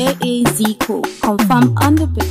AA Zico, confirm on the beat.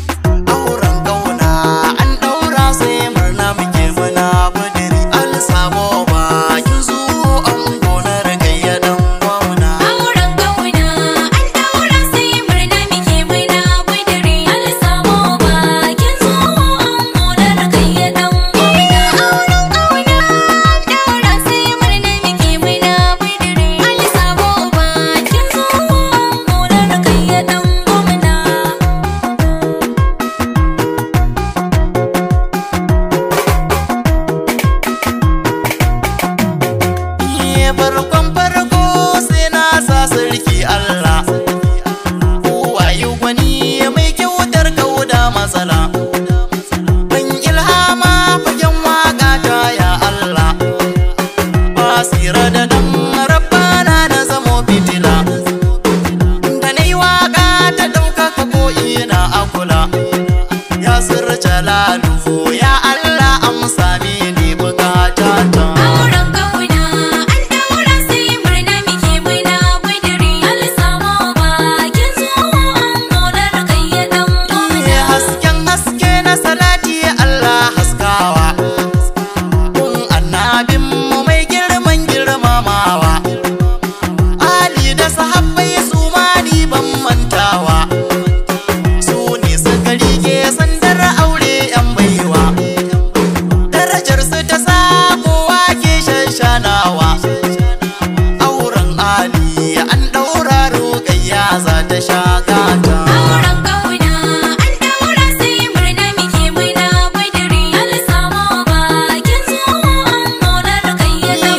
shagata auren kauna an daura sai murna muke muna badiri an samu bakin zuwa an maular kayyana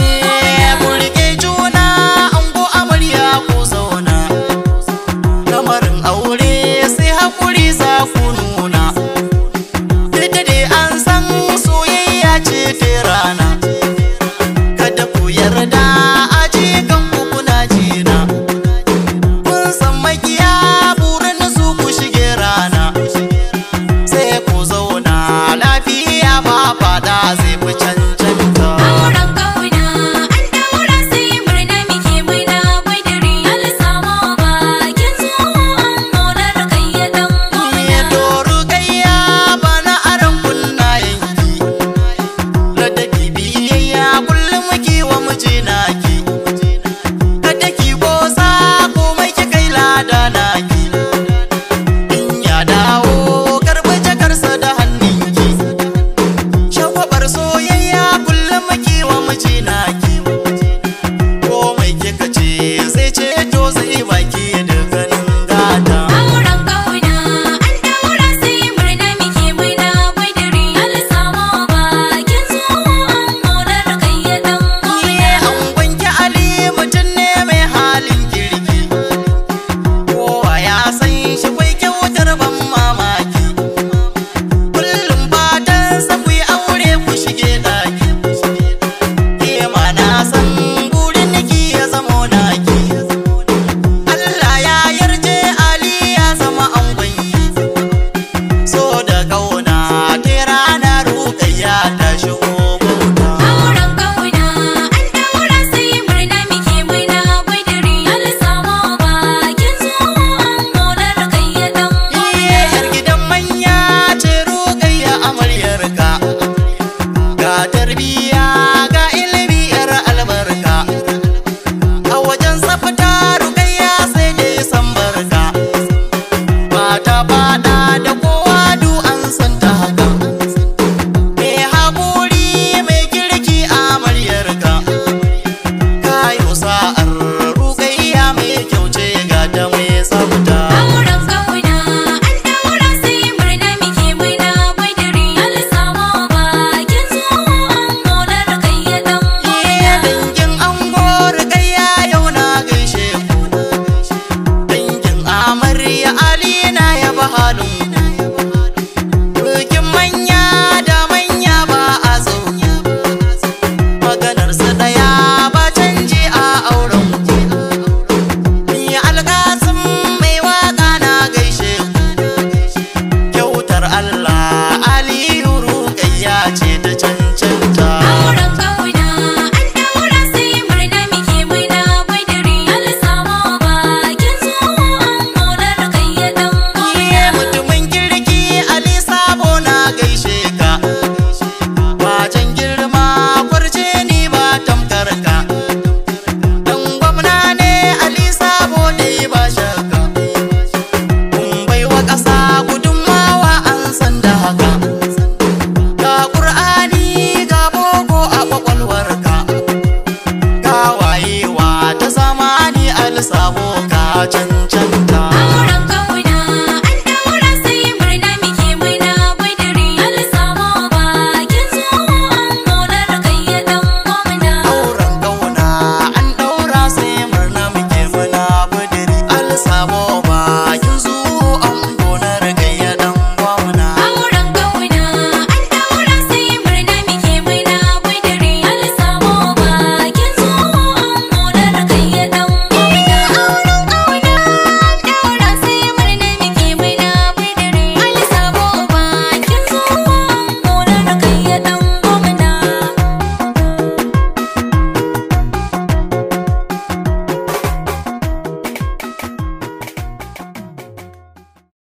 murke juna an amarya ku zauna lamarin aure sai hakuri za ku nuna duk an san soyayya ce ta rana